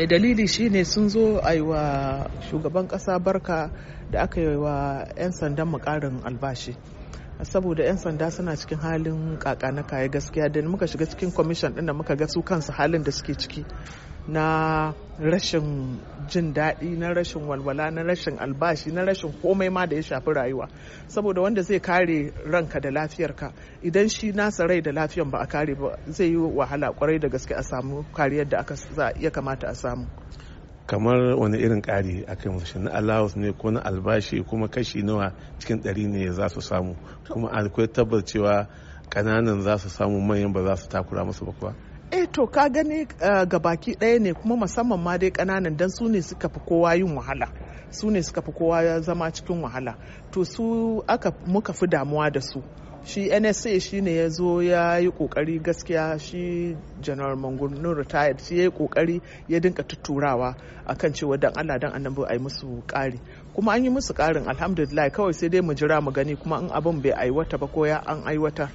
Eh, dalili shine sun zo a yi wa shugaban kasa barka da aka yi wa 'yan sandan mukarin albashi saboda 'yan sanda suna cikin halin kaka na gaskiya da muka shiga cikin kwamishin ɗin da muka ga su kansu halin da suke ciki na rashin jin daɗi na rashin walwala na rashin albashi na rashin komai ma da ya shafi rayuwa saboda wanda zai kare ranka da lafiyarka idan shi nasa rai da lafiyan ba a kare ba zai yi wahala kwarai da gaske a samu kariyar da aka za ya kamata a samu kamar wani irin kari a kan wasu na allowance ne ko na albashi kuma kashi nawa cikin ɗari ne za su samu kuma akwai tabbacewa kananan ƙananan za su samu manyan ba za su takura musu ba kuwa eh to ka gani eh, ga baki ɗaya ne kuma musamman ma dai kananan dan su ne suka fi kowa yin wahala su ne suka fi kowa zama cikin wahala to su aka muka fi damuwa da su shi nsa shi ne ya zo ya yi kokari gaskiya shi general mangunun retired shi ya yi kokari ya dinka tuturawa a kan cewa dan allah dan annabi a yi musu kari kuma an yi musu ƙarin alhamdulillah kawai sai dai mu jira mu gani kuma in abin bai aiwata ba ko ya an aiwata.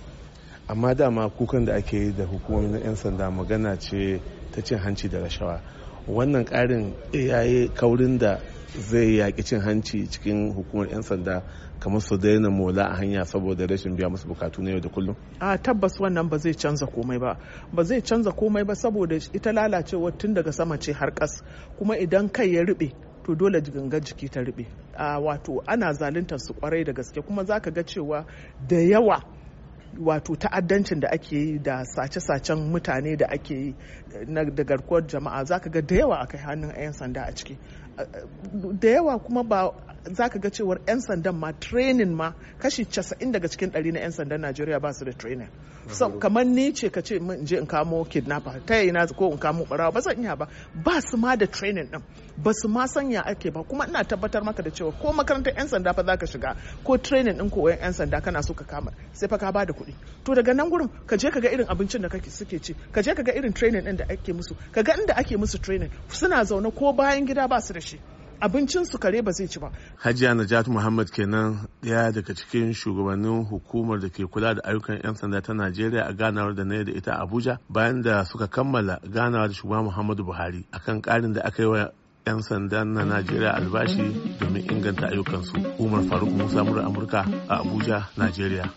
amma dama kukan da ake yi da hukumomin 'yan sanda magana ce ta cin hanci da rashawa wannan karin ya yi kaurin da zai yaki cin hanci cikin hukumar 'yan sanda kamar su daina mola a hanya saboda rashin biya musu bukatu na yau da kullum? a tabbas wannan ba zai canza komai ba ba zai canza komai ba saboda ita lalacewa tun daga sama ce har kas kuma idan kai ya ruɓe to dole ganga jiki ta rube a wato ana zaluntar su kwarai da gaske kuma zaka ga cewa da yawa wato ta'addancin da ake yi da sace-sacen mutane da ake yi eh, da garkuwar jama'a zaka ga da yawa akai hannun 'yan sanda a ciki eh, eh, da yawa kuma ba za ka ga cewar 'yan sandan ma training ma kashi 90 daga cikin 100 na 'yan sandan najeriya ba su da training so kamar ni ce ka ce in je in kamo kidnapper ta yi na ko in kamo barawa ba zan iya ba ba su ma da training din ba su ma sanya ake ba kuma ina tabbatar maka da cewa ko makarantar 'yan sanda fa za ka shiga ko training din koyon 'yan sanda kana so ka kama sai fa ka ba da kuɗi to daga nan gurin ka je ka ga irin abincin da kake suke ci ka je ka ga irin training din da ake musu ka ga inda ake musu training suna zaune ko bayan gida ba su da shi abincin su kare ba zai ci ba hajiya najat muhammad kenan ɗaya daga cikin shugabannin hukumar da ke kula da ayyukan 'yan sanda ta najeriya a ganawar da na da ita abuja bayan da suka kammala ganawa da shugaba muhammadu buhari akan ƙarin da aka yi wa 'yan sandan na najeriya albashi domin inganta ayyukansu umar faruk musa murar amurka a abuja najeriya